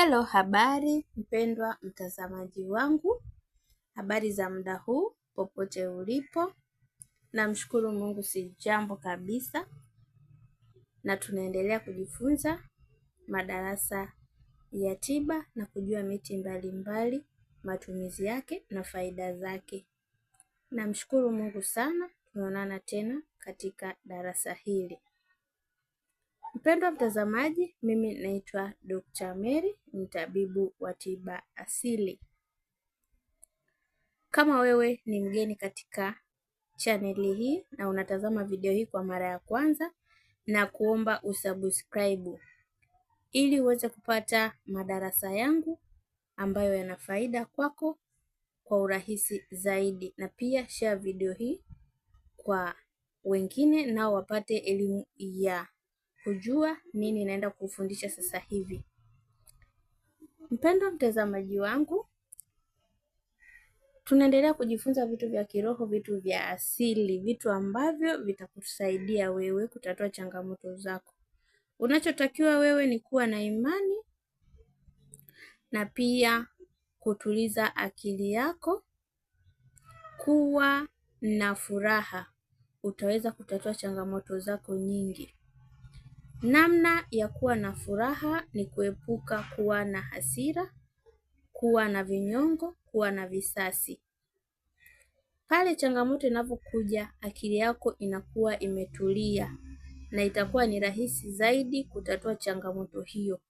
Hello, habari mpendwa mtazamaji wangu, habari za muda huu popote ulipo. Namshukuru Mungu si jambo kabisa, na tunaendelea kujifunza madarasa ya tiba na kujua miti mbalimbali mbali, matumizi yake na faida zake. Namshukuru Mungu sana, tunaonana tena katika darasa hili. Mpendwa mtazamaji, mimi naitwa Dr. Mary, mtabibu wa tiba asili. Kama wewe ni mgeni katika chaneli hii na unatazama video hii kwa mara ya kwanza, na kuomba usubscribe ili uweze kupata madarasa yangu ambayo yana faida kwako kwa urahisi zaidi, na pia share video hii kwa wengine nao wapate elimu ya kujua nini naenda kufundisha sasa hivi. Mpendwa mtazamaji wangu, tunaendelea kujifunza vitu vya kiroho, vitu vya asili, vitu ambavyo vitakusaidia wewe kutatua changamoto zako. Unachotakiwa wewe ni kuwa na imani na pia kutuliza akili yako, kuwa na furaha, utaweza kutatua changamoto zako nyingi. Namna ya kuwa na furaha ni kuepuka kuwa na hasira, kuwa na vinyongo, kuwa na visasi. Pale changamoto inapokuja akili yako inakuwa imetulia na itakuwa ni rahisi zaidi kutatua changamoto hiyo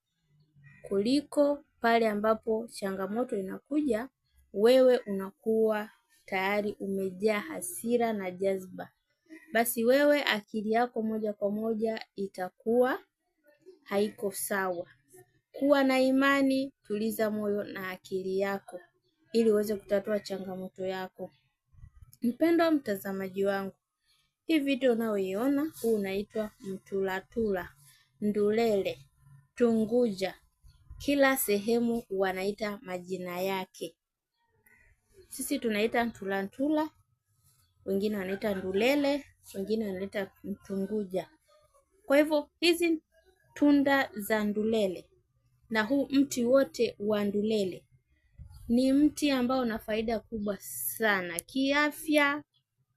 kuliko pale ambapo changamoto inakuja wewe unakuwa tayari umejaa hasira na jazba basi wewe akili yako moja kwa moja itakuwa haiko sawa. Kuwa na imani, tuliza moyo na akili yako ili uweze kutatua changamoto yako. Mpendwa mtazamaji wangu, hii video unayoiona huu unaitwa mtulatula, ndulele, tunguja, kila sehemu wanaita majina yake. Sisi tunaita ntulantula, wengine wanaita ndulele wengine wanaleta mtunguja. Kwa hivyo hizi tunda za ndulele na huu mti wote wa ndulele ni mti ambao una faida kubwa sana kiafya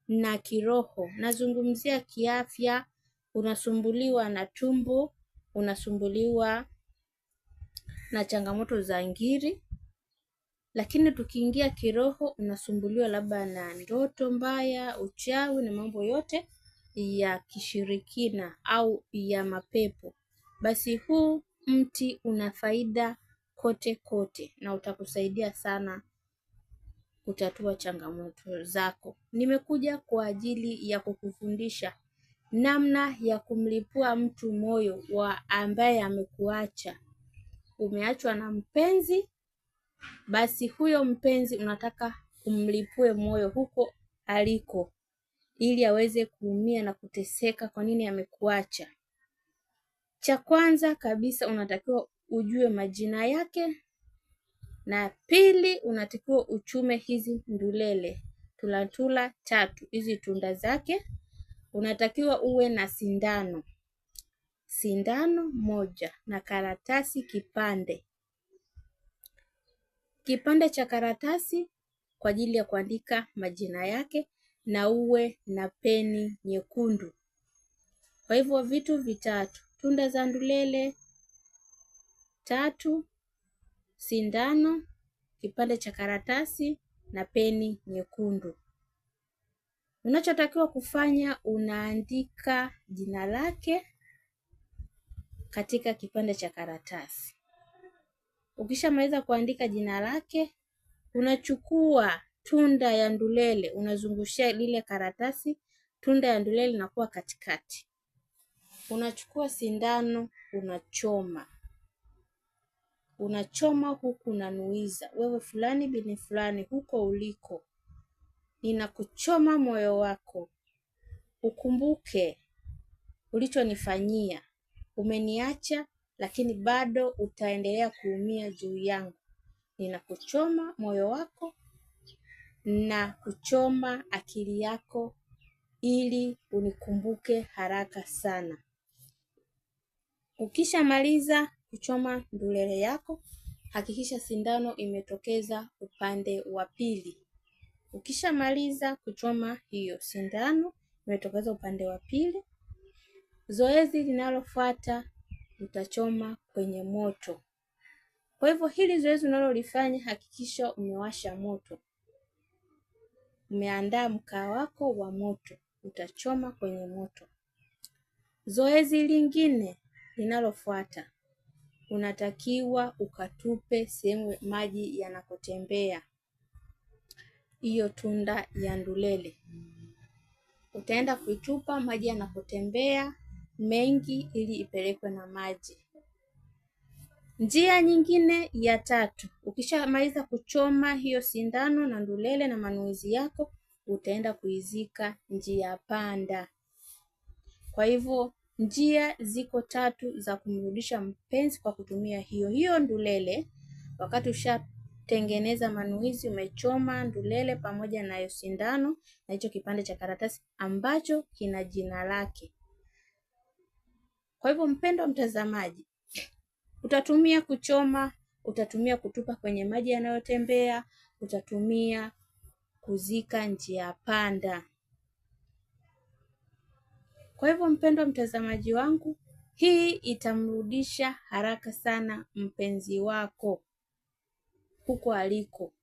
na kiroho. Nazungumzia kiafya, unasumbuliwa na tumbo, unasumbuliwa na changamoto za ngiri, lakini tukiingia kiroho, unasumbuliwa labda na ndoto mbaya, uchawi na mambo yote ya kishirikina au ya mapepo, basi huu mti una faida kote kote na utakusaidia sana kutatua changamoto zako. Nimekuja kwa ajili ya kukufundisha namna ya kumlipua mtu moyo wa ambaye amekuacha. Umeachwa na mpenzi basi huyo mpenzi unataka umlipue moyo huko aliko, ili aweze kuumia na kuteseka, kwa nini amekuacha. Cha kwanza kabisa unatakiwa ujue majina yake, na pili unatakiwa uchume hizi ndulele tulatula tatu, hizi tunda zake. Unatakiwa uwe na sindano, sindano moja na karatasi kipande kipande cha karatasi kwa ajili ya kuandika majina yake na uwe na peni nyekundu. Kwa hivyo vitu vitatu: tunda za ndulele tatu, sindano, kipande cha karatasi na peni nyekundu. Unachotakiwa kufanya unaandika jina lake katika kipande cha karatasi. Ukishamaliza kuandika jina lake, unachukua tunda ya ndulele unazungushia lile karatasi, tunda ya ndulele inakuwa katikati. Unachukua sindano unachoma, unachoma huku unanuiza, wewe fulani bini fulani, huko uliko ninakuchoma moyo wako, ukumbuke ulichonifanyia, umeniacha lakini bado utaendelea kuumia juu yangu. Ninakuchoma moyo wako na kuchoma akili yako ili unikumbuke haraka sana. Ukishamaliza kuchoma ndulele yako, hakikisha sindano imetokeza upande wa pili. Ukishamaliza kuchoma hiyo sindano imetokeza upande wa pili, zoezi linalofuata utachoma kwenye moto. Kwa hivyo hili zoezi unalolifanya hakikisha umewasha moto, umeandaa mkaa wako wa moto, utachoma kwenye moto. Zoezi lingine linalofuata, unatakiwa ukatupe sehemu maji yanakotembea hiyo tunda ya ndulele. Utaenda kuitupa maji yanapotembea mengi ili ipelekwe na maji. Njia nyingine ya tatu, ukishamaliza kuchoma hiyo sindano na ndulele na manuizi yako, utaenda kuizika njia panda. Kwa hivyo njia ziko tatu za kumrudisha mpenzi kwa kutumia hiyo hiyo ndulele. Wakati ushatengeneza manuizi, umechoma ndulele pamoja na hiyo sindano na hicho kipande cha karatasi ambacho kina jina lake, kwa hivyo, mpendwa mtazamaji, utatumia kuchoma, utatumia kutupa kwenye maji yanayotembea, utatumia kuzika njia panda. Kwa hivyo, mpendwa mtazamaji wangu, hii itamrudisha haraka sana mpenzi wako huko aliko.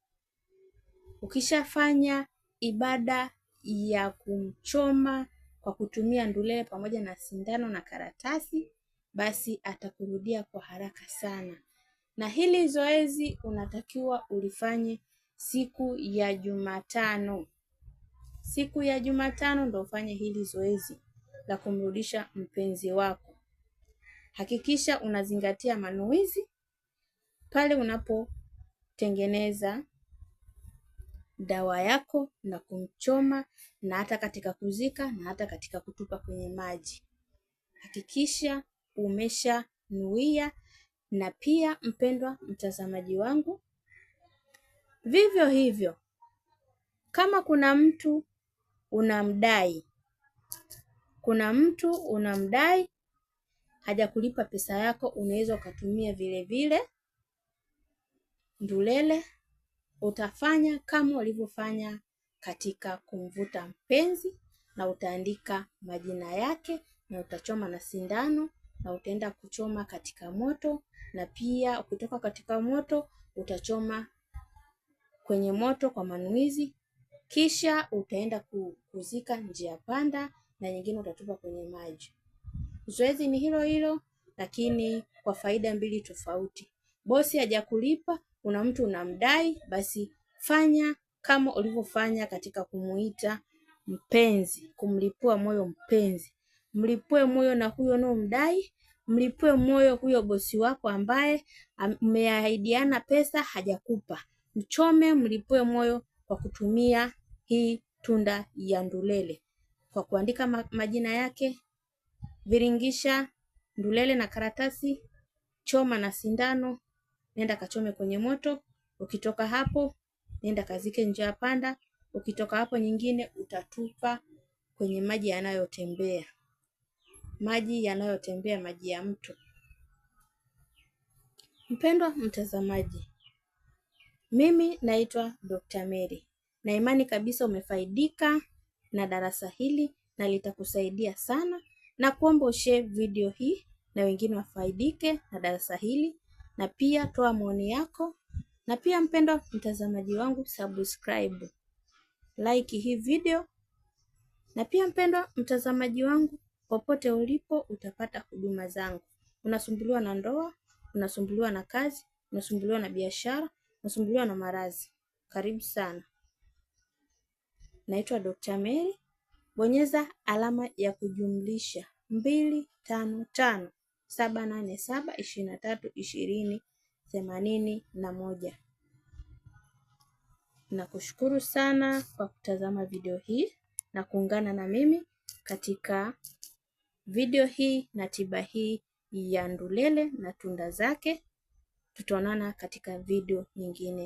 Ukishafanya ibada ya kumchoma kwa kutumia ndulele pamoja na sindano na karatasi, basi atakurudia kwa haraka sana. Na hili zoezi unatakiwa ulifanye siku ya Jumatano. Siku ya Jumatano ndo ufanye hili zoezi la kumrudisha mpenzi wako. Hakikisha unazingatia manuizi pale unapotengeneza dawa yako na kumchoma na hata katika kuzika na hata katika kutupa kwenye maji. Hakikisha umeshanuia. Na pia mpendwa mtazamaji wangu, vivyo hivyo kama kuna mtu unamdai, kuna mtu unamdai hajakulipa pesa yako, unaweza ukatumia vile vile ndulele Utafanya kama ulivyofanya katika kumvuta mpenzi, na utaandika majina yake, na utachoma na sindano, na utaenda kuchoma katika moto, na pia ukitoka katika moto utachoma kwenye moto kwa manuizi, kisha utaenda kuzika njia panda, na nyingine utatupa kwenye maji. Zoezi ni hilo hilo, lakini kwa faida mbili tofauti. Bosi hajakulipa, kuna mtu unamdai, basi fanya kama ulivyofanya katika kumuita mpenzi, kumlipua moyo mpenzi. Mlipue moyo na huyo unaomdai, mlipue moyo huyo bosi wako ambaye mmeahidiana pesa hajakupa. Mchome, mlipue moyo kwa kutumia hii tunda ya ndulele, kwa kuandika majina yake, viringisha ndulele na karatasi, choma na sindano, nenda kachome kwenye moto. Ukitoka hapo nenda kazike njia panda. Ukitoka hapo nyingine utatupa kwenye maji yanayotembea, maji yanayotembea, maji ya mto. Mpendwa mtazamaji, mimi naitwa Dr. Mary na imani kabisa umefaidika na darasa hili na litakusaidia sana, na kuomba ushare video hii na wengine wafaidike na darasa hili na pia toa maoni yako, na pia mpendwa mtazamaji wangu, subscribe, like hii video, na pia mpendwa mtazamaji wangu, popote ulipo utapata huduma zangu. Unasumbuliwa na ndoa, unasumbuliwa na kazi, unasumbuliwa na biashara, unasumbuliwa na maradhi, karibu sana. Naitwa Dr. Mary. Bonyeza alama ya kujumlisha mbili tano tano saba nane saba ishirini na tatu ishirini themanini na moja. Nakushukuru sana kwa kutazama video hii na kuungana na mimi katika video hii na tiba hii ya ndulele na tunda zake. Tutaonana katika video nyingine.